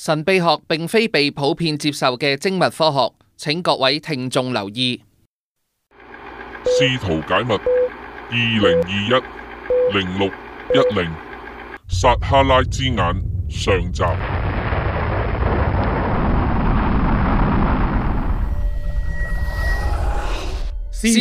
神秘學並非被普遍接受嘅精密科學，請各位聽眾留意。試圖解密，二零二一零六一零，撒哈拉之眼上集。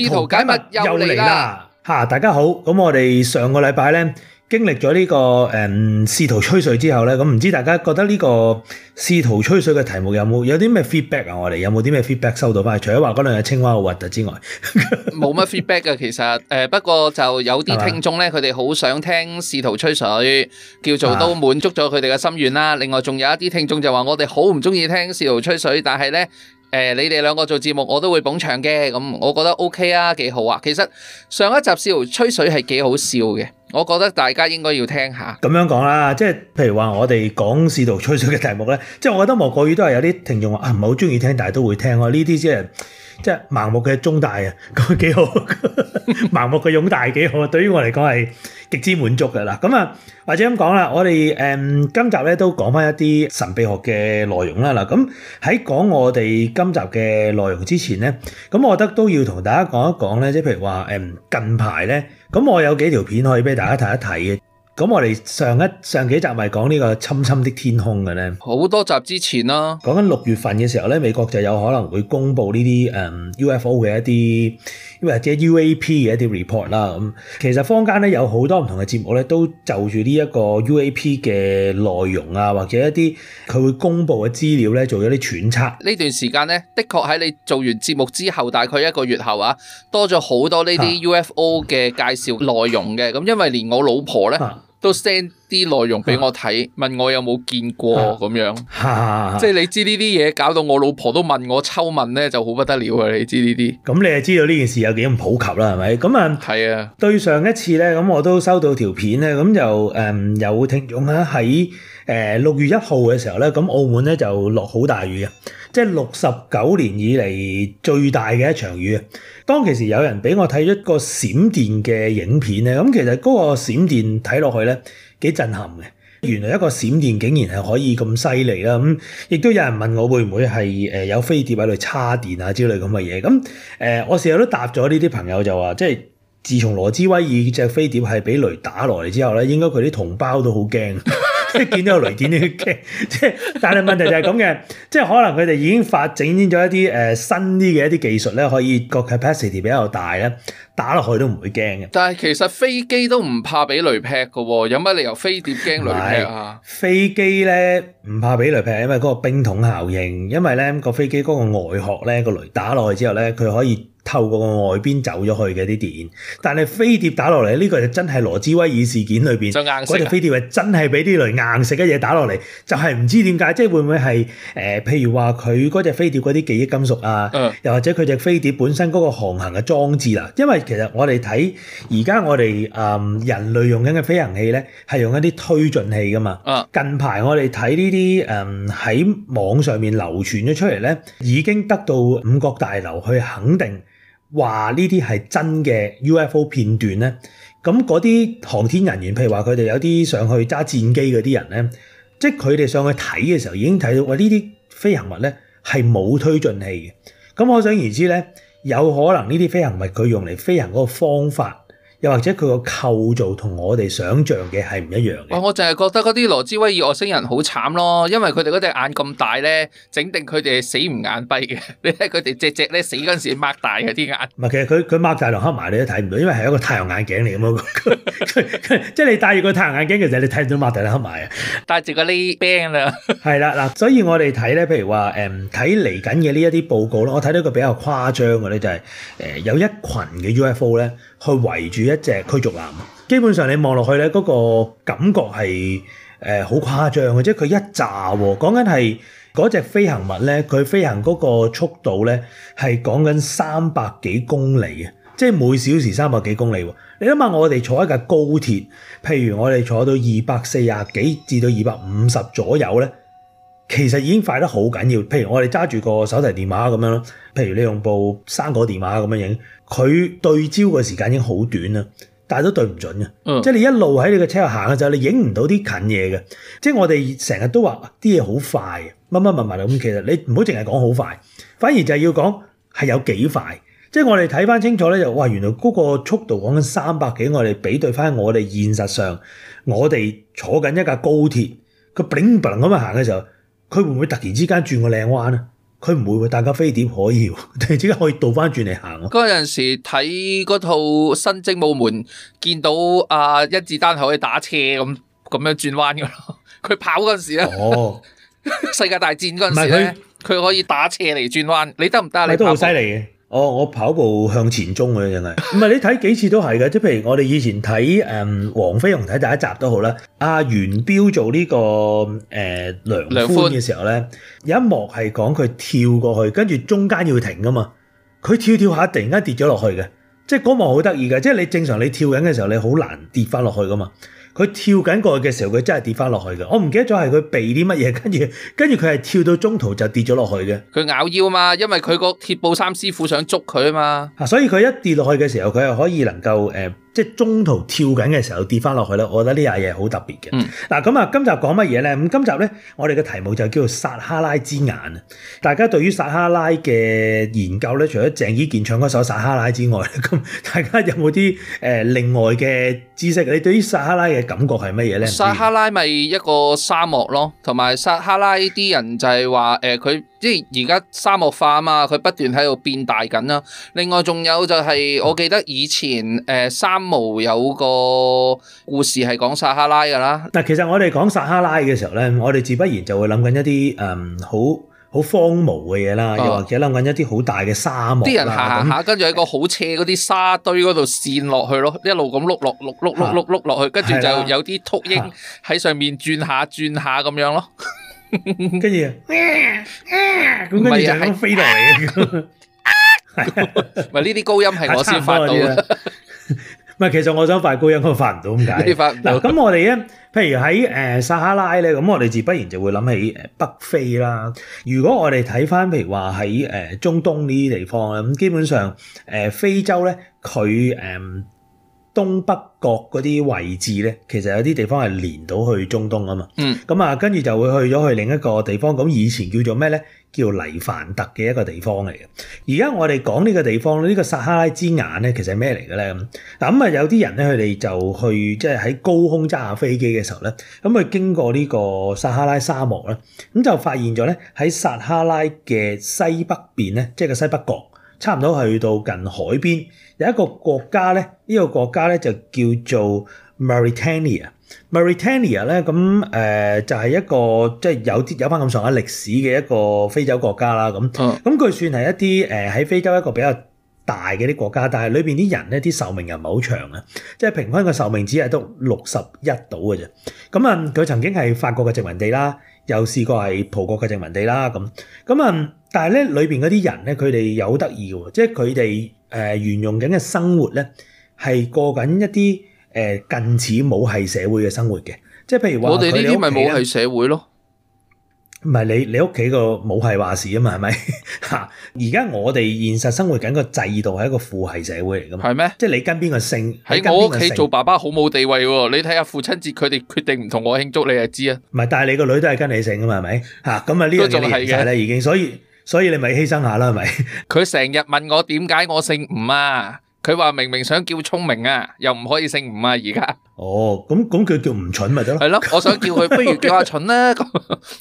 試圖解密又嚟啦！吓、啊，大家好，咁我哋上個禮拜呢。經歷咗呢個誒嗯、試圖吹水之後呢，咁唔知大家覺得呢個試圖吹水嘅題目有冇有啲咩 feedback 啊？我哋有冇啲咩 feedback 收到翻？除咗話嗰兩日青蛙好核突之外，冇乜 feedback 嘅。其實誒、 呃、不過就有啲聽眾呢，佢哋好想聽試圖吹水，叫做都滿足咗佢哋嘅心願啦、啊。另外仲有一啲聽眾就話我哋好唔中意聽試圖吹水，但係呢，誒、呃、你哋兩個做節目我都會捧場嘅。咁我覺得 OK 啊，幾好啊。其實上一集試圖吹水係幾好笑嘅。我覺得大家應該要聽一下，咁樣講啦，即係譬如話我哋講市道吹水嘅題目咧，即係我覺得無過於都係有啲聽眾話啊唔係好中意聽，但係都會聽喎，呢啲先係。即係盲目嘅中大啊，咁幾好；盲目嘅擁大幾好，對於我嚟講係極之滿足㗎啦。咁啊，或者咁講啦，我哋誒今集咧都講翻一啲神秘學嘅內容啦。嗱，咁喺講我哋今集嘅內容之前咧，咁我覺得都要同大家講一講咧，即係譬如話誒近排咧，咁我有幾條片可以俾大家睇一睇嘅。咁我哋上一上幾集咪講呢個深深的天空嘅咧，好多集之前啦、啊，講緊六月份嘅時候咧，美國就有可能會公布呢啲誒 UFO 嘅一啲，或者 UAP 嘅一啲 report 啦。咁、嗯、其實坊間咧有好多唔同嘅節目咧，都就住呢一個 UAP 嘅內容啊，或者一啲佢會公布嘅資料咧，做咗啲揣測。呢段時間咧，的確喺你做完節目之後，大概一個月後啊，多咗好多呢啲 UFO 嘅介紹內容嘅。咁、啊、因為連我老婆咧。啊都 send 啲內容俾我睇，問我有冇見過咁樣， 即係你知呢啲嘢搞到我老婆都問我抽問咧就好不得了啊！你知呢啲，咁你係知道呢件事有幾咁普及啦，係咪？咁啊，係啊。對上一次咧，咁我都收到一條片咧，咁就誒、嗯、有聽講啦，喺誒六月一號嘅時候咧，咁澳門咧就落好大雨啊，即係六十九年以嚟最大嘅一場雨。當其時有人俾我睇一個閃電嘅影片咧，咁其實嗰個閃電睇落去咧幾震撼嘅，原來一個閃電竟然係可以咁犀利啦！咁亦都有人問我會唔會係誒有飛碟喺度叉電啊之類咁嘅嘢？咁誒我成日都答咗呢啲朋友就話，即係自從羅斯威爾隻飛碟係俾雷打落嚟之後咧，應該佢啲同胞都好驚。 即見到有雷電都要驚，但係問題就係咁嘅，即可能佢哋已經發展咗一啲誒、呃、新啲嘅一啲技術咧，可以個 capacity 比較大咧，打落去都唔會驚嘅。但係其實飛機都唔怕俾雷劈嘅喎、哦，有乜理由飛碟驚雷劈啊 ？飛機咧唔怕俾雷劈，係因為嗰個冰桶效應，因為咧、個飛機嗰個外殼咧、個雷打落去之後咧，佢可以。透過個外邊走咗去嘅啲電，但係飛碟打落嚟呢個就真係羅斯威爾事件裏邊嗰隻飛碟，係真係俾啲雷硬食嘅嘢打落嚟，就係、是、唔知點解，即係會唔會係誒、呃，譬如話佢嗰隻飛碟嗰啲記憶金屬啊，嗯、又或者佢隻飛碟本身嗰個航行嘅裝置啦、啊，因為其實我哋睇而家我哋誒、呃、人類用緊嘅飛行器咧，係用一啲推進器噶嘛。嗯、近排我哋睇呢啲誒喺網上面流傳咗出嚟咧，已經得到五角大樓去肯定。話呢啲係真嘅 UFO 片段咧，咁嗰啲航天人員，譬如話佢哋有啲上去揸戰機嗰啲人咧，即係佢哋上去睇嘅時候已經睇到喂，呢啲飛行物咧係冇推進器嘅，咁可想而知咧，有可能呢啲飛行物佢用嚟飛行嗰個方法。又或者佢個構造同我哋想象嘅係唔一樣嘅。我就淨係覺得嗰啲羅茲威爾外星人好慘咯，因為佢哋嗰隻眼咁大咧，整定佢哋係死唔眼閉嘅。你睇佢哋隻隻咧死嗰陣時擘大嗰啲眼。係，其實佢佢擘大同黑埋你都睇唔到，因為係一個太陽眼鏡嚟嘅麼？即係你戴住個太陽眼鏡，其實你睇唔到擘大同黑埋啊！戴住個呢 band 啦。係啦嗱，所以我哋睇咧，譬如話誒睇嚟緊嘅呢一啲報告咯，我睇到一個比較誇張嘅咧就係、是、誒有一群嘅 UFO 咧去圍住一隻驅逐艦，基本上你望落去咧，嗰個感覺係誒好誇張嘅，即係佢一炸。講緊係嗰隻飛行物咧，佢飛行嗰個速度咧係講緊三百幾公里嘅，即係每小時三百幾公里。你諗下，我哋坐一架高鐵，譬如我哋坐到二百四廿幾至到二百五十左右咧，其實已經快得好緊要。譬如我哋揸住個手提電話咁樣咯，譬如你用部生果電話咁樣影。佢對焦嘅時間已經好短啦，但係都對唔準。嗯。即係你一路喺你嘅車度行嘅時候，你影唔到啲近嘢嘅。即係我哋成日都話啲嘢好快，乜乜乜乜咁。其實你唔好淨係講好快，反而就係要講係有幾快。即係我哋睇翻清楚咧，就哇原來嗰個速度講緊三百幾，我哋比對翻我哋現實上，我哋坐緊一架高鐵，佢炳不楞咁樣行嘅時候，佢會唔會突然之間轉個靚彎啊？佢唔會大家飛點可以，點解可以倒翻轉嚟行？嗰陣時睇嗰套新精武門，見到阿、啊、甄子丹可以打斜，咁咁樣轉彎噶咯。佢跑嗰陣時咧，哦、 世界大戰嗰陣時咧，佢可以打斜嚟轉彎。你得唔得？你都好犀利嘅。哦，我跑步向前衝嘅，真係唔係？你睇幾次都係嘅，即係譬如我哋以前睇誒《黃、嗯、飛鴻》睇第一集都好啦，阿、啊、元彪做呢、這個誒、呃、梁寬嘅時候咧，有一幕係講佢跳過去，跟住中間要停㗎嘛，佢跳跳下突然間跌咗落去嘅，即係嗰幕好得意嘅，即係你正常你跳緊嘅時候你好難跌翻落去㗎嘛。佢跳緊過去嘅時候，佢真係跌翻落去嘅。我唔記得咗係佢避啲乜嘢，跟住跟住佢係跳到中途就跌咗落去嘅。佢咬腰吖嘛，因為佢個鐵布衫師傅想捉佢吖嘛。所以佢一跌落去嘅時候，佢又可以能夠、嗯即係中途跳緊嘅時候跌翻落去咯，我覺得呢樣嘢好特別嘅。嗱、嗯、咁啊，今集講乜嘢呢？咁今集呢，我哋嘅題目就叫做撒哈拉之眼啊！大家對於撒哈拉嘅研究呢，除咗鄭伊健唱嗰首《撒哈拉》之外，咁大家有冇啲、呃、另外嘅知識？你對於撒哈拉嘅感覺係乜嘢呢？撒哈拉咪一個沙漠咯，同埋撒哈拉啲人就係話誒，佢、呃、即係而家沙漠化啊嘛，佢不斷喺度變大緊啦。另外仲有就係我記得以前誒三。呃冇，有個故事係講撒哈拉噶啦。但其實我哋講撒哈拉嘅時候咧，我哋自不然就會諗緊一啲誒，好、嗯、好荒蕪嘅嘢啦。又或者諗緊一啲好大嘅沙漠。啲、啊、人行行下，跟住喺個好斜嗰啲沙堆嗰度跣落去咯，一路咁碌落碌碌碌碌碌落去，跟住就有啲禿鷹喺上面轉下轉下咁樣咯。跟住啊，咁跟住飛落嚟啊！喂，呢啲高音係我先發到。唔係，其實我想發高音，我發唔到咁解？嗱，咁我哋呢，譬如喺、呃、撒哈拉呢，咁我哋自不然就會諗起北非啦。如果我哋睇返，譬如話喺、呃、中東呢啲地方，基本上、呃、非洲呢，佢東北角嗰啲位置咧，其實有啲地方係連到去中東啊嘛。嗯，咁啊，跟住就會去咗去另一個地方。咁以前叫做咩咧？叫黎凡特嘅一個地方嚟嘅。而家我哋講呢個地方，呢個撒哈拉之眼咧，其實係咩嚟嘅咧？咁咁啊，有啲人咧，佢哋就去即係喺高空揸下飛機嘅時候咧，咁佢經過呢個撒哈拉沙漠呢，咁就發現咗咧喺撒哈拉嘅西北邊咧，即係個西北角。差唔多去到近海邊，有一個國家咧，呢、呢個國家咧就叫做 Mauritania。Mauritania 咧咁誒，就係、是、一個即係有啲有返咁上下歷史嘅一個非洲國家啦。咁咁佢算係一啲誒喺非洲一個比較大嘅啲國家，但係裏邊啲人咧啲壽命又唔係好長啊，即係平均嘅壽命只係得六十一度嘅啫。咁啊，佢、嗯、曾經係法國嘅殖民地啦，又試過係葡國嘅殖民地啦。咁咁啊。嗯但係咧，裏邊嗰啲人咧，佢哋有得意嘅，即係佢哋誒，沿、呃、用緊嘅生活咧，係過緊一啲誒、呃、近似母系社會嘅生活嘅，即係譬如話，我哋呢啲咪母系社會咯，唔係你你屋企個母系話事啊嘛，係咪吓？而 家我哋現實生活緊個制度係一個父系社會嚟噶，係咩？即係你跟邊個姓？喺我屋企做爸爸好冇地位喎、哦，你睇下父親節佢哋決定唔同我慶祝，你就知啊？唔係，但係你個女都係跟你姓㗎嘛，係咪吓？咁啊呢啲就係啦，已經，所以。所以你咪犧牲下啦，係咪？佢成日問我點解我姓吳啊？佢話明明想叫聰明啊，又唔可以姓吳啊，而家。哦，咁咁佢叫吳蠢咪得咯。係咯，我想叫佢，不如叫阿、啊、蠢啦。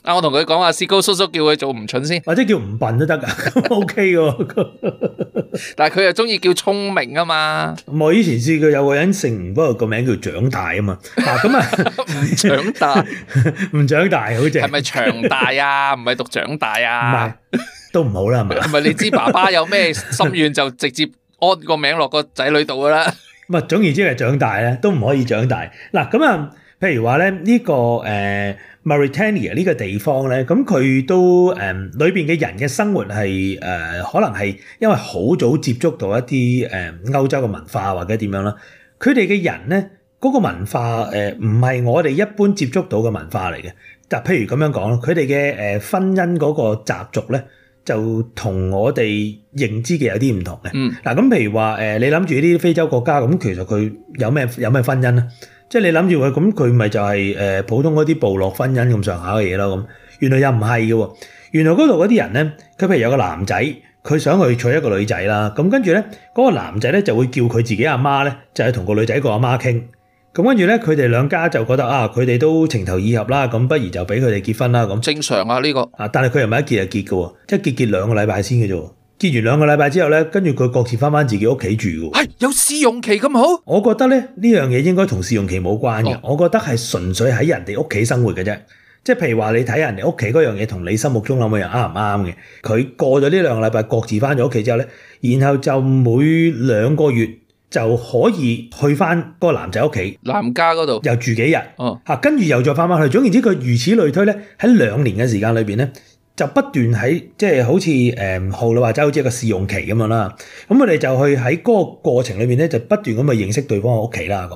啊， 我同佢講話，士高叔叔叫佢做吳蠢先，或者叫吳笨都得噶。咁 OK 㗎，但係佢又中意叫聰明啊嘛。我以前試過有個人姓吳，不過個名叫長大啊嘛。咁啊，唔長大，唔 長大，好正。係咪長大啊？唔係讀長大啊？都唔好啦，係咪？係咪你知爸爸有咩心願就直接。安個名落個仔女度噶啦。唔係，總言之係長大咧，都唔可以長大。嗱咁啊，譬如話咧，呢、這個誒、呃、Mauritania 呢個地方咧，咁佢都誒裏、呃、面嘅人嘅生活係誒、呃，可能係因為好早接觸到一啲誒、呃、歐洲嘅文化或者點樣啦。佢哋嘅人咧嗰、那個文化誒，唔、呃、係我哋一般接觸到嘅文化嚟嘅。就譬如咁樣講啦。佢哋嘅誒婚姻嗰個習俗咧，就同我哋認知嘅有啲唔同嘅。嗱、嗯，咁譬如話，誒，你諗住啲非洲國家，咁其實佢有咩有咩婚姻咧？即係、就是、你諗住佢，咁佢咪就係誒普通嗰啲部落婚姻咁上下嘅嘢咯。咁原來又唔係嘅，原來嗰度嗰啲人咧，佢譬如有個男仔，佢想去娶一個女仔啦。咁跟住咧，嗰、那個男仔咧就會叫佢自己阿媽咧，就係、是、同個女仔個阿媽傾，咁跟住咧，佢哋兩家就覺得啊，佢哋都情投意合啦，咁不如就俾佢哋結婚啦。咁正常啊，呢、呢個啊，但係佢又唔係一結就結嘅喎，即係結結兩個禮拜先嘅啫。結完兩個禮拜之後咧，跟住佢各自翻翻自己屋企住嘅。係、哎、有試用期咁好？我覺得咧呢樣嘢應該同試用期冇關嘅、哦，我覺得係純粹喺人哋屋企生活嘅啫。即係譬如話，你睇人哋屋企嗰樣嘢同你心目中諗嘅嘢啱唔啱嘅。佢過咗呢兩個禮拜，各自翻咗屋企之後咧，然後就每兩個月。就可以去翻嗰個男仔屋企，男家嗰度又住幾日，吓、哦、跟住又再翻翻去，總言之佢如此類推咧，喺兩年嘅時間裏邊咧，就不斷喺即係好似誒、呃、好啦，或者好似一個試用期咁樣啦。咁我哋就去喺嗰個過程裏邊咧，就不斷咁去認識對方嘅屋企啦。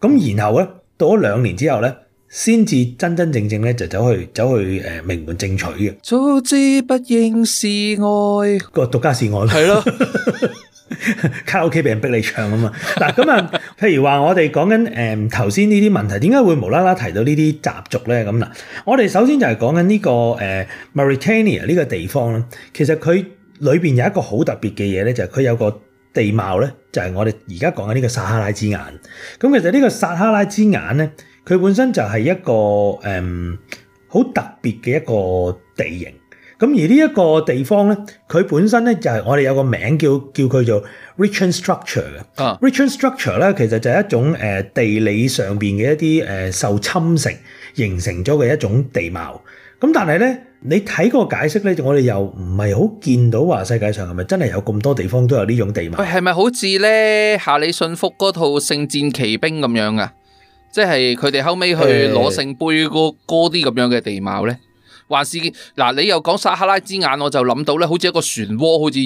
咁咁然後咧、嗯，到咗兩年之後咧，先至真真正正咧就走去走去誒名門正娶嘅。早知不應是愛、嗰個獨家是愛係咯。 卡拉 OK 俾人逼你唱啊嘛！嗱咁啊，譬如話我哋講緊誒頭先呢啲問題，點解會無啦啦提到呢啲習俗咧？咁嗱，我哋首先就係講緊呢個誒 Mauritania 呢個地方咧，其實佢裏邊有一個好特別嘅嘢咧，就係佢有個地貌咧，就係我哋而家講緊呢個撒哈拉之眼。咁其實呢個撒哈拉之眼咧，佢本身就係一個誒好特別嘅一個地形。咁而呢一個地方呢，佢本身呢、就係，就係我哋有個名叫叫佢做 Richat Structure 嘅。啊 Richat Structure 呢，其實就係一種地理上面嘅一啲受侵蝕形成咗嘅一種地貌。咁但係呢，你睇嗰個解釋呢，我哋又唔係好見到話世界上係咪真係有咁多地方都有呢種地貌？喂，係咪好似呢《夏里信福》嗰套《聖戰奇兵》咁樣啊？即係佢哋後尾去攞聖杯嗰嗰啲咁樣嘅地貌呢。欸還是嗱、啊，你又講撒哈拉之眼，我就諗到呢，好似一個漩渦，好似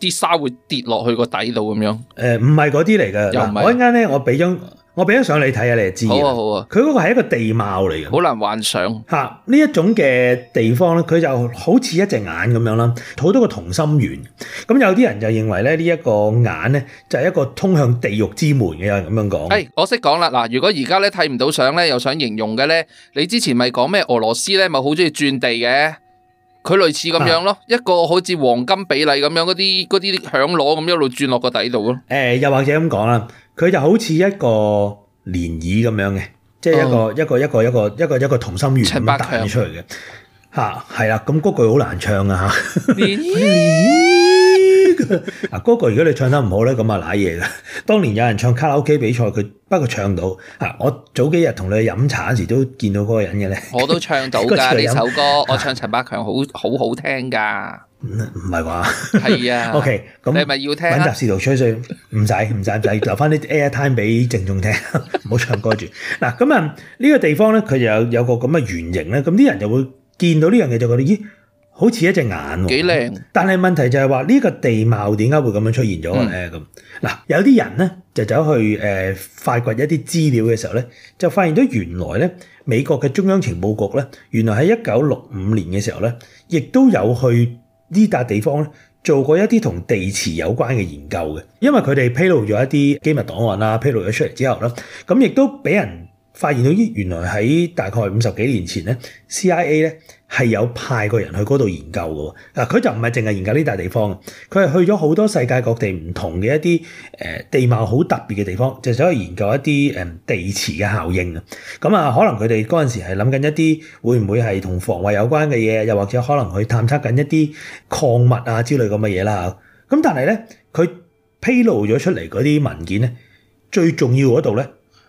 啲沙會跌落去個底度咁樣。誒、呃，唔係嗰啲嚟嘅，又唔係，我間我俾張。我俾咗相你睇下，你就知。好啊，好啊，佢嗰個係一個地貌嚟嘅，好難幻想。吓呢一種嘅地方咧，佢就好似一隻眼咁樣啦，好多個同心圓。咁有啲人就認為咧，呢一個眼咧就係一個通向地獄之門嘅，有人咁樣講。誒、哎，我識講啦，嗱，如果而家咧睇唔到相咧，又想形容嘅咧，你之前咪講咩俄羅斯咧，咪好中意轉地嘅？佢類似咁樣咯、啊，一個好似黃金比例咁樣嗰啲嗰啲響螺咁一路轉落個底度咯。誒、哎，又或者咁講啦。佢就好似一個漣漪咁樣嘅，即、就、係、是、一個、哦、一個一個一個一個一個，一個同心圓咁樣彈出嚟嘅，嚇係啦，咁嗰句好難唱啊嚇。 嗱，嗰個如果你唱得唔好咧，咁啊瀨嘢啦。當年有人唱卡拉 OK 比賽，佢不過唱到啊！我早幾日同你去飲茶嗰時都見到嗰個人嘅咧。我都唱到噶呢 首歌， 我唱陳百強好好好聽噶。唔係話係啊。O K，咁你咪要聽啦。暫時度吹水，唔使唔使唔使， 留翻啲 air time 俾正中聽，唔好唱歌住。嗱，咁啊呢個地方咧，佢就有有個咁嘅原型咧。咁啲人就會見到呢樣嘢，就覺得咦。好似一隻眼喎，幾靚。但係問題就係話呢個地貌點解會咁樣出現咗咧？咁、嗯、嗱，有啲人咧就走去誒發、呃、掘一啲資料嘅時候咧，就發現咗原來咧美國嘅中央情報局咧，原來喺一九六五年嘅時候咧，亦都有去呢笪地方咧做過一啲同地磁有關嘅研究嘅。因為佢哋披露咗一啲機密檔案啦，披露咗出嚟之後咧，咁亦都俾人發現到咦，原來喺大概五十幾年前咧，CIA 咧。係有派過人去嗰度研究嘅，佢就唔係淨係研究呢笪地方，佢係去咗好多世界各地唔同嘅一啲誒地貌好特別嘅地方，就想去研究一啲誒地磁嘅效應啊。咁啊，可能佢哋嗰陣時係諗緊一啲會唔會係同防衛有關嘅嘢，又或者可能去探測緊一啲礦物啊之類咁嘅嘢啦。咁但係咧，佢披露咗出嚟嗰啲文件咧，最重要嗰度咧。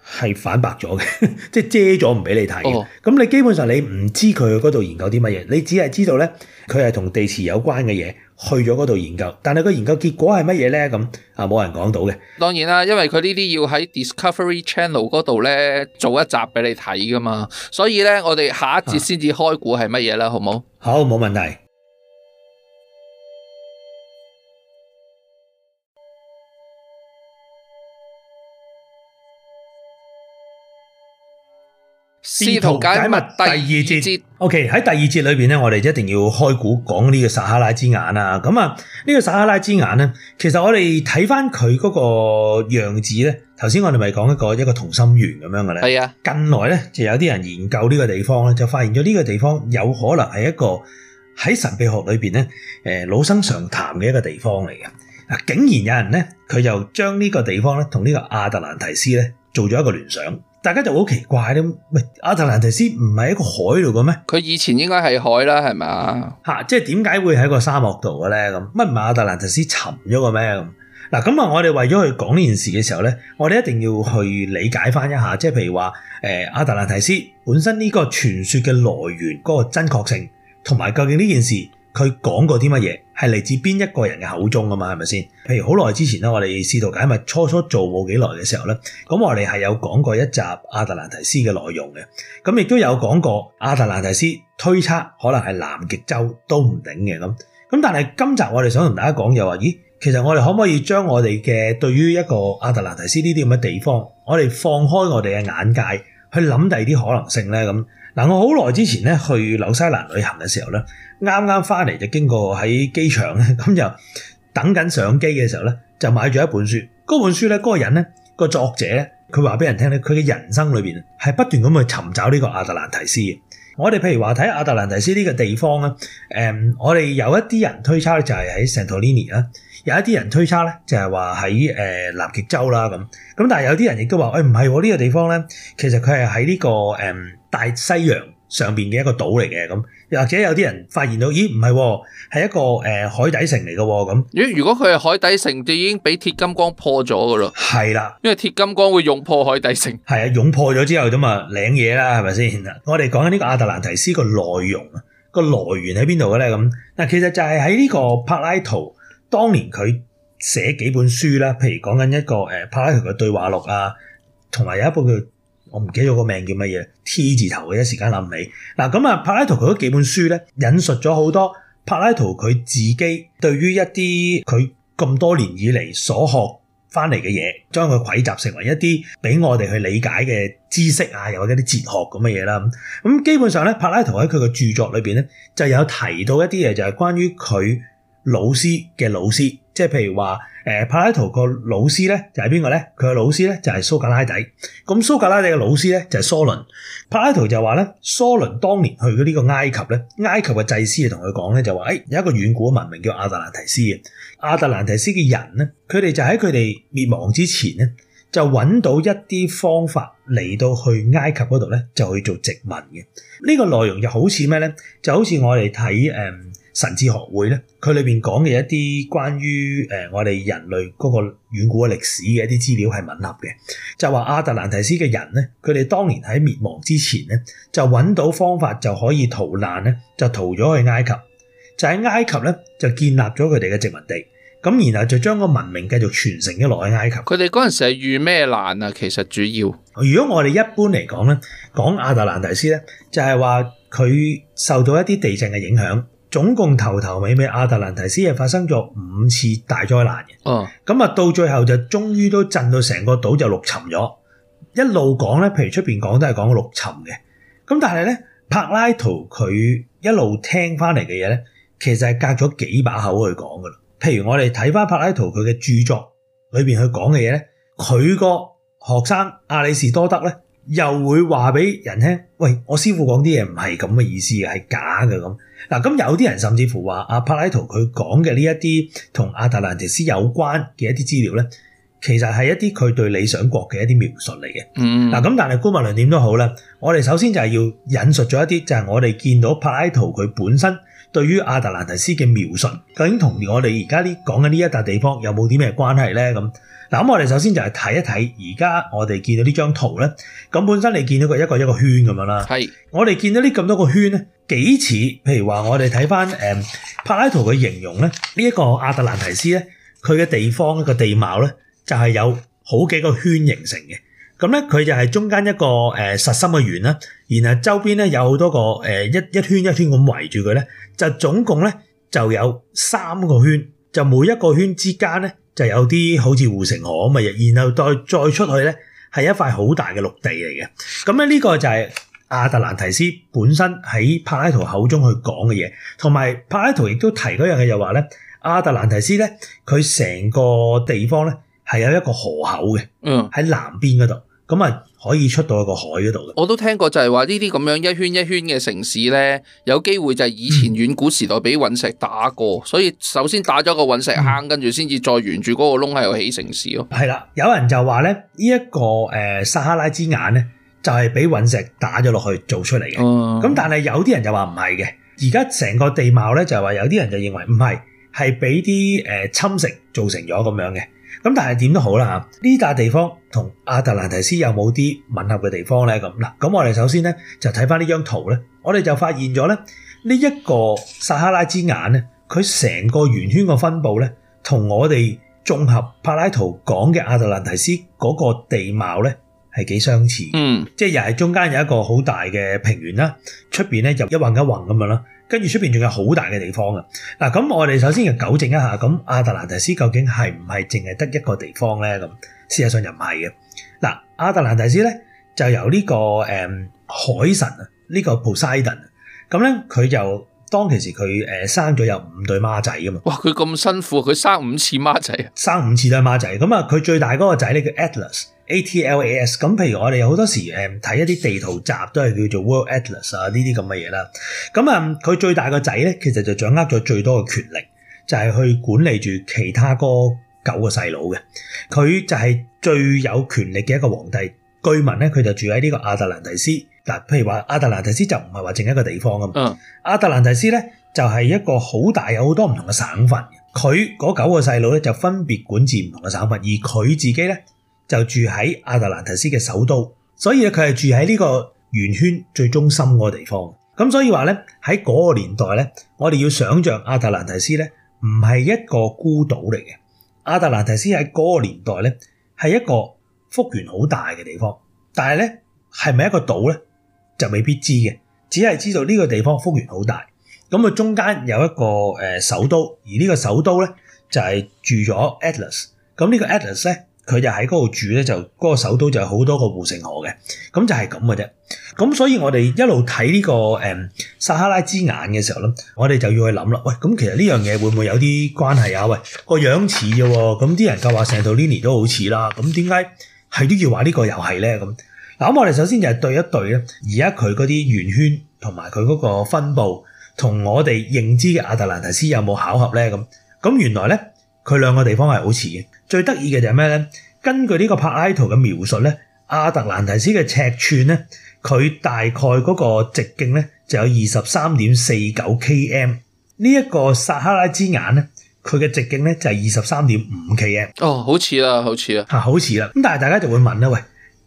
係反白咗嘅， 即係遮咗唔俾你睇咁，oh. 你基本上你唔知佢嗰度研究啲乜嘢，你只係知道咧佢係同地磁有關嘅嘢去咗嗰度研究。但係個研究結果係乜嘢咧？咁啊冇人講到嘅。當然啦，因為佢呢啲要喺 Discovery Channel 嗰度咧做一集俾你睇噶嘛。所以咧，我哋下一節先至開估係乜嘢啦？好冇？好，冇問題。試圖解密第二節，OK 喺第二節裏邊咧，okay, 第二節我哋一定要開估講呢個撒哈拉之眼啊！咁啊，呢個撒哈拉之眼咧，其實我哋睇翻佢嗰個樣子咧，頭先我哋咪講一個一個同心圓咁樣嘅咧，係啊！近來咧就有啲人研究呢個地方咧，就發現咗呢個地方有可能係一個喺神秘學裏邊咧，誒老生常談嘅一個地方嚟嘅。啊，竟然有人咧，佢就將呢個地方咧，同呢個亞特蘭提斯咧做咗一個聯想。大家就好奇怪，喂，阿特蘭提斯唔係一個海度嘅咩？佢以前應該係海啦，係咪？哈，即係點解會喺個沙漠度嘅呢？咁乜唔係阿特蘭提斯沉咗個咩咁？嗱，咁啊，我哋為咗去講呢件事嘅時候咧，我哋一定要去理解翻一下，即係譬如話，誒、欸，阿特蘭提斯本身呢個傳說嘅來源、嗰個真確性，同埋究竟呢件事。佢講過啲乜嘢係嚟自邊一個人嘅口中啊嘛，係咪先？譬如好耐之前咧，我哋試圖解密初初做冇幾耐嘅時候咧，咁我哋係有講過一集阿特蘭提斯嘅內容嘅，咁亦都有講過阿特蘭提斯推測可能係南極洲都唔定嘅咁。咁但係今集我哋想同大家講就話，咦，其實我哋可唔可以將我哋嘅對於一個阿特蘭提斯呢啲咁嘅地方，我哋放開我哋嘅眼界去諗第二啲可能性咧咁？嗱，我好耐之前咧去紐西蘭旅行嘅時候咧，啱啱翻嚟就經過喺機場咧，咁就等緊上機嘅時候咧，就買咗一本書。嗰本書咧，嗰個人咧個作者咧，佢話俾人聽咧，佢嘅人生裏邊係不斷咁去尋找呢個亞特蘭提斯嘅。我哋譬如話睇亞特蘭提斯呢個地方咧，誒，我哋有一啲人推測咧就係喺聖托里尼有一啲人推測咧，就係話喺誒南極洲啦咁。咁但係有啲人亦都話，誒唔係喎，呢、啊這個地方咧，其實佢係喺呢個誒、嗯、大西洋上面嘅一個島嚟嘅咁。又或者有啲人發現到，咦唔係喎，係、啊、一個誒、呃、海底城嚟嘅喎咁。如果佢係海底城，就已經俾鐵金剛破咗㗎咯。係啦、啊，因為鐵金剛會融破海底城。係啊，融破咗之後咁啊，領嘢啦，係咪先啊？我哋講緊呢個亞特蘭提斯個內容啊，這個來源喺邊度嘅咧咁？嗱、嗯，其實就係喺呢個柏拉圖當年佢寫幾本書啦，譬如講緊一個誒柏拉圖嘅對話錄啊，同埋有一部佢我唔記得咗個名叫乜嘢 T 字頭嘅一時間諗唔起。嗱咁啊柏拉圖佢嗰幾本書咧，引述咗好多柏拉圖佢自己對於一啲佢咁多年以嚟所學翻嚟嘅嘢，將佢歸集成為一啲俾我哋去理解嘅知識啊，又或者啲哲學咁嘅嘢啦。咁基本上咧柏拉圖喺佢嘅著作裏邊咧，就有提到一啲嘢，就係關於佢。老師嘅老師，即係譬如話，誒柏拉圖個老師咧就係邊個咧？佢嘅老師咧就係蘇格拉底。咁蘇格拉底嘅老師咧就係蘇倫。柏拉圖就話咧，蘇倫當年去咗呢個埃及咧，埃及嘅祭司啊同佢講咧就話，誒、哎、有一個遠古文明叫阿特蘭提斯嘅，阿特蘭提斯嘅人咧，佢哋就喺佢哋滅亡之前咧，就揾到一啲方法嚟到去埃及嗰度咧就去做殖民嘅。呢、這個內容就好似咩咧？就好似我哋睇誒神智學會咧，佢裏面講嘅一啲關於誒、呃、我哋人類嗰個遠古嘅歷史嘅一啲資料係吻合嘅，就話亞特蘭提斯嘅人咧，佢哋當年喺滅亡之前咧，就揾到方法就可以逃難咧，就逃咗去埃及，就喺埃及咧就建立咗佢哋嘅殖民地，咁然後就將個文明繼續傳承咗落去埃及。佢哋嗰陣時係遇咩難啊？其實主要如果我哋一般嚟講咧，講亞特蘭提斯咧，就係話佢受到一啲地震嘅影響。總共頭頭尾尾亞特蘭提斯係發生咗五次大災難嘅，哦、嗯，咁啊到最後就終於都震到成個島就陸沉咗。一路講咧，譬如出邊講都係講陸沉嘅，咁但係咧柏拉圖佢一路聽翻嚟嘅嘢咧，其實係隔咗幾把口去講噶啦。譬如我哋睇翻柏拉圖佢嘅著作裏邊去講嘅嘢咧，佢個學生阿里士多德咧。又會話俾人聽，喂，我師傅講啲嘢唔係咁嘅意思係係假嘅咁。嗱，咁有啲人甚至乎話阿柏拉圖佢講嘅呢一啲同阿特蘭提斯有關嘅一啲資料呢，其實係一啲佢對理想國嘅一啲描述嚟嘅。嗱、嗯，咁但係觀物論點都好啦，我哋首先就係要引述咗一啲，就係、是、我哋見到柏拉圖佢本身對於阿特蘭提斯嘅描述，究竟同我哋而家呢講嘅呢一笪地方有冇啲咩關係呢？咁。嗱，咁我哋首先就係睇一睇而家我哋見到呢張圖咧，咁本身你見到佢一個一個圈咁樣啦，係。我哋見到呢咁多個圈咧，幾似譬如話我哋睇翻誒柏拉圖嘅形容咧，呢一個阿特蘭提斯咧，佢嘅地方一個地貌咧，就係有好幾個圈形成嘅。咁咧，佢就係中間一個誒實心嘅圓啦，然後周邊咧有好多個誒一一圈一圈咁圍住佢咧，就總共咧就有三個圈，就每一個圈之間咧。就有啲好似護城河咁，然後再再出去咧，係一塊好大嘅陸地嚟嘅。咁咧呢個就係阿特蘭提斯本身喺柏拉圖口中去講嘅嘢，同埋柏拉圖亦都提嗰樣嘢就話咧，阿特蘭提斯咧佢成個地方咧係有一個河口嘅，喺南邊嗰度，咁啊。可以出到去個海嗰度咧。我都聽過就係話呢啲咁樣一圈一圈嘅城市呢，有機會就係以前遠古時代俾隕石打過，嗯，所以首先打咗個隕石坑，嗯、跟住先至再沿住嗰個窿喺度起城市咯。係啦，有人就話呢呢一個誒呃、撒哈拉之眼呢，就係俾隕石打咗落去做出嚟嘅。咁、嗯、但係有啲人就話唔係嘅，而家成個地貌呢，就係話有啲人就認為唔係，係俾啲誒侵蝕造成咗咁樣嘅。咁但係點都好啦，呢笪地方同亞特蘭提斯有冇啲吻合嘅地方咧？咁嗱，咁我哋首先咧就睇翻呢張圖咧，我哋就發現咗咧呢一個撒哈拉之眼咧，佢成個圓圈個分布咧，同我哋綜合柏拉圖講嘅亞特蘭提斯嗰個地貌咧係幾相似，嗯，即係又係中間有一個好大嘅平原啦，出邊咧又一橫一橫咁樣咯。跟住出邊仲有好大嘅地方啊！嗱，咁我哋首先要糾正一下，咁阿特蘭提斯究竟係唔係淨係得一個地方咧？咁事實上又唔係嘅。嗱，阿特蘭提斯咧就由呢、個、嗯、海神啊，呢、個 Poseidon，咁咧佢就當其時佢生咗有五對孖仔噶嘛。哇！佢咁辛苦、啊，佢生五次孖仔啊！生五次對孖仔，咁啊佢最大嗰個仔咧叫 Atlas。ATLAS 咁，譬如我哋好多時睇一啲地圖集，都係叫做 World Atlas 啊呢啲咁嘅嘢啦。咁啊，佢最大個仔咧，其實就掌握咗最多嘅權力，就係去管理住其他嗰九個細佬嘅。佢就係最有權力嘅一個皇帝。據聞咧，佢就住喺呢個亞特蘭提斯。嗱，譬如話亞特蘭提斯就唔係話淨一個地方咁、嗯。亞特蘭提斯咧就係一個好大有好多唔同嘅省份。佢嗰九個細佬咧就分別管治唔同嘅省份，而佢自己咧，就住喺阿特蘭提斯嘅首都，所以咧佢係住喺呢個圓圈最中心嗰個地方。咁所以話咧喺嗰個年代咧，我哋要想像阿特蘭提斯咧唔係一個孤島嚟嘅。阿特蘭提斯喺嗰個年代咧係一個幅員好大嘅地方，但係咧係咪一個島咧就未必知嘅，只係知道呢個地方幅員好大。咁佢中間有一個誒首都，而呢個首都咧就係住咗 Atlas。咁呢個 Atlas 咧。佢就喺嗰度住咧，就、那、嗰個首都就好多個護城河嘅，咁就係咁嘅啫。咁所以，我哋一路睇呢、這個誒撒哈拉之眼嘅時候咧，我哋就要去諗啦。喂，咁其實呢樣嘢會唔會有啲關係啊？喂，樣個樣似喎。咁啲人夠話成套 Lily 都好似啦。咁點解係都要話呢個又係咧？咁嗱，咁我哋首先就係對一對咧。而家佢嗰啲圓圈同埋佢嗰個分布，同我哋認知嘅亞特蘭提斯有冇巧合咧？咁咁原來咧。佢兩個地方係好似嘅，最得意嘅就係咩呢？根據呢個柏拉圖嘅描述呢，阿特蘭提斯嘅尺寸呢，佢大概嗰個直徑呢就有二十三點四九 km。呢一個撒哈拉之眼呢，佢嘅直徑呢就係二十三點五 km。哦，好似啦，好似啦，吓好似啦。咁但係大家就會問啦，喂，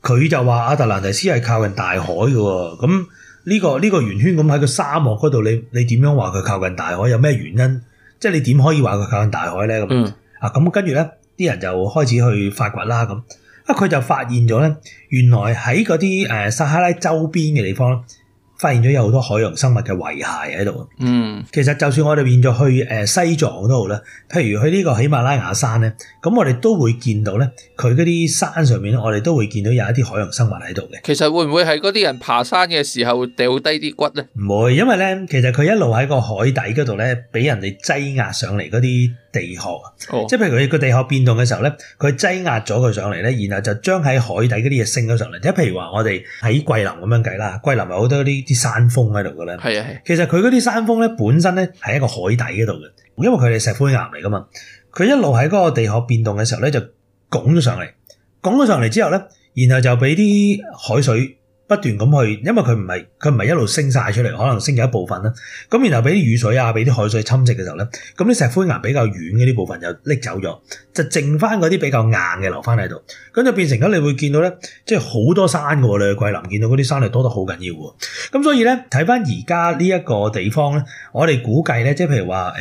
佢就話阿特蘭提斯係靠近大海嘅喎。咁呢個呢個圓圈咁喺個沙漠嗰度，你你點樣話佢靠近大海？有咩原因？即係你點可以話佢靠近大海咧？咁、嗯、啊？咁跟住咧，啲人就開始去發掘啦咁啊！佢就發現咗咧，原來喺嗰啲誒撒哈拉周邊嘅地方。發現咗有好多海洋生物嘅遺骸喺度。嗯，其實就算我哋變咗去西藏嗰度啦，譬如去呢個喜馬拉雅山咧，咁我哋都會見到咧，佢嗰啲山上面，我哋都會見到有一啲海洋生物喺度嘅。其實會唔會係嗰啲人爬山嘅時候掉低啲骨咧？唔會，因為咧，其實佢一路喺個海底嗰度咧，俾人哋擠壓上嚟嗰啲地殼。哦，即係譬如佢個地殼變動嘅時候咧，佢擠壓咗佢上嚟咧，然後就將喺海底嗰啲嘢升咗上嚟。即係譬如話，我哋喺桂林咁樣計啦，桂林有好多啲。啲山峰喺度嘅咧，係啊，其實佢嗰啲山峰咧，本身咧，係一個海底嗰度嘅，因為佢係石灰岩嚟噶嘛，佢一路喺嗰個地殼變動嘅時候咧就拱咗上嚟，拱咗上嚟之後咧，然後就俾啲海水。不斷咁去，因為佢唔係佢唔係一路升晒出嚟，可能升咗一部分啦。咁然後俾啲雨水啊，俾啲海水侵蝕嘅時候咧，咁啲石灰岩比較軟嘅呢部分就拎走咗，就剩翻嗰啲比較硬嘅留翻喺度。咁就變成咁，你會見到咧，即係好多山嘅喎。你去桂林見到嗰啲山係多得好緊要喎。咁所以咧睇翻而家呢一個地方咧，我哋估計咧，即係譬如話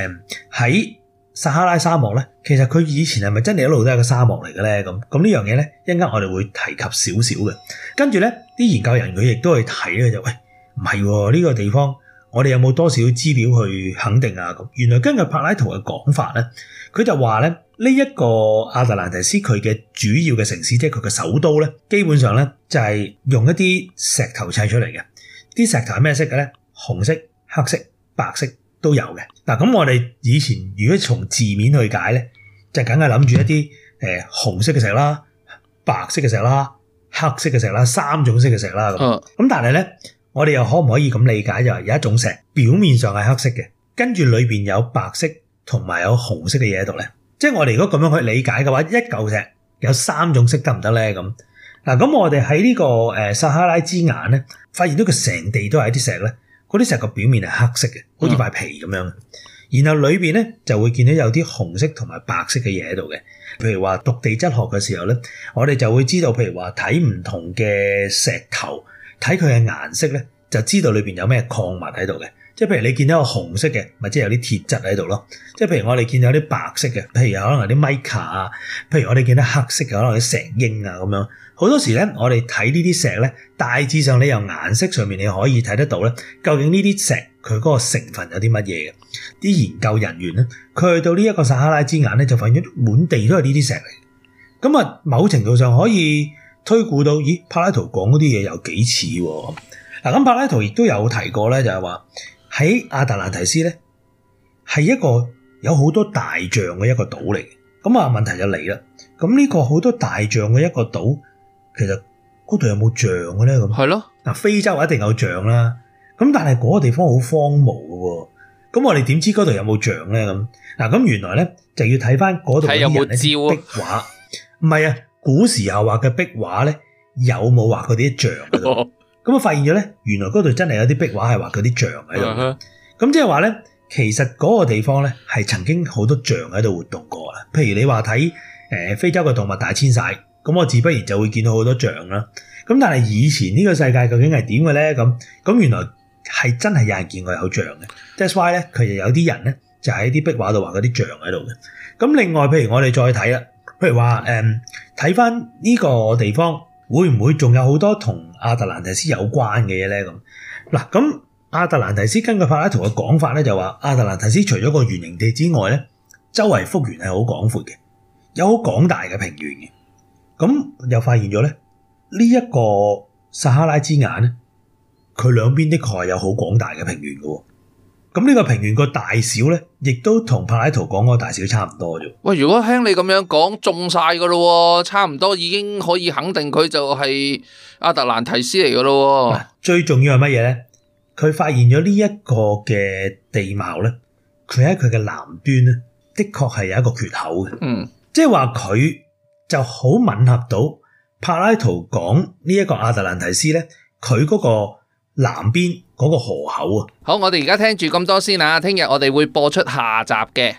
誒喺。嗯撒哈拉沙漠咧，其實佢以前係咪真係一路都係個沙漠嚟嘅咧？咁咁呢樣嘢咧，一陣間我哋會提及少少嘅。跟住咧，啲研究人員佢亦都去睇咧，就喂，唔係喎，呢個地方我哋有冇多少資料去肯定啊？咁原來根據柏拉圖嘅講法咧，佢就話咧呢一個亞特蘭提斯佢嘅主要嘅城市，即係佢嘅首都咧，基本上咧就係用一啲石頭砌出嚟嘅。啲石頭係咩色嘅咧？紅色、黑色、白色。都有嘅嗱，咁我哋以前如果從字面去解咧，就梗係諗住一啲誒紅色嘅石啦、白色嘅石啦、黑色嘅石啦、三種色嘅石啦咁。咁、啊、但係咧，我哋又可唔可以咁理解，就係有一種石表面上係黑色嘅，跟住裏面有白色同埋有紅色嘅嘢喺度咧。即係我哋如果咁樣去理解嘅話，一嚿石有三種色得唔得咧？咁嗱，咁我哋喺呢個誒撒哈拉之眼咧，發現到佢成地都係一啲石咧。嗰啲石個表面係黑色嘅，好似塊皮咁樣。嗯。然後裏邊咧就會見到有啲紅色同埋白色嘅嘢喺度嘅。譬如話讀地質學嘅時候咧，我哋就會知道，譬如話睇唔同嘅石頭，睇佢嘅顏色咧，就知道裏邊有咩礦物喺度嘅。即係譬如你見到個紅色嘅，咪即係有啲鐵質喺度咯。即係譬如我哋見到啲白色嘅，譬如可能有啲 mica 啊，譬如我哋見到黑色嘅，可能啲石英啊咁樣。好多時咧，我哋睇呢啲石咧，大致上你由顏色上面你可以睇得到咧，究竟呢啲石佢嗰個成分有啲乜嘢嘅？啲研究人員咧，佢去到呢一個撒哈拉之眼咧，就發現咗滿地都係呢啲石嚟。咁啊，某程度上可以推估到，咦，柏拉圖講嗰啲嘢有幾似喎？嗱，咁柏拉圖亦都有提過咧，就係話，喺阿特蘭提斯咧，係一個有好多大象嘅一個島嚟嘅。咁啊，問題就嚟啦。咁呢個好多大象嘅一個島，其實嗰度有冇象嘅咧？咁係咯。嗱，非洲一定有象啦。咁但係嗰個地方好荒蕪嘅喎。咁我哋點知嗰度有冇象咧？咁嗱，咁原來咧就要睇翻嗰度啲人嘅壁畫。唔係啊，古時候畫嘅壁畫咧，有冇畫嗰啲象？ 咁我發現咗咧，原來嗰度真係有啲壁畫係畫嗰啲像喺度嘅。咁即係話咧，其實嗰個地方咧係曾經好多像喺度活動過啦。譬如你話睇誒非洲嘅動物大遷徙，咁我自不然就會見到好多像啦。咁但係以前呢個世界究竟係點嘅咧？咁咁原來係真係有人見過有像嘅。That's why 咧，佢哋有啲人咧就喺啲壁畫度畫嗰啲像喺度嘅。咁另外，譬如我哋再睇啊，譬如話誒，睇翻呢個地方。會唔會仲有好多同阿特蘭提斯有關嘅嘢咧？咁嗱，咁阿特蘭提斯根據柏拉圖嘅講法咧，就話阿特蘭提斯除咗個圓形地之外咧，周圍幅員係好廣闊嘅，有好廣大嘅平原嘅。咁又發現咗咧，呢、這、一個撒哈拉之眼咧，佢兩邊的確係有好廣大嘅平原嘅。咁呢個平原個大小咧，亦都同柏拉圖講嗰個大小差唔多啫。喂，如果聽你咁樣講，種晒噶咯，差唔多已經可以肯定佢就係阿特蘭提斯嚟噶咯。最重要係乜嘢咧？佢發現咗呢一個嘅地貌咧，佢喺佢嘅南端咧，的確係有一個缺口嘅。嗯，即係話佢就好吻合到柏拉圖講呢一個阿特蘭提斯咧，佢嗰個南邊。嗰、那個河口啊！好，我哋而家聽住咁多先啦，聽日我哋會播出下集嘅。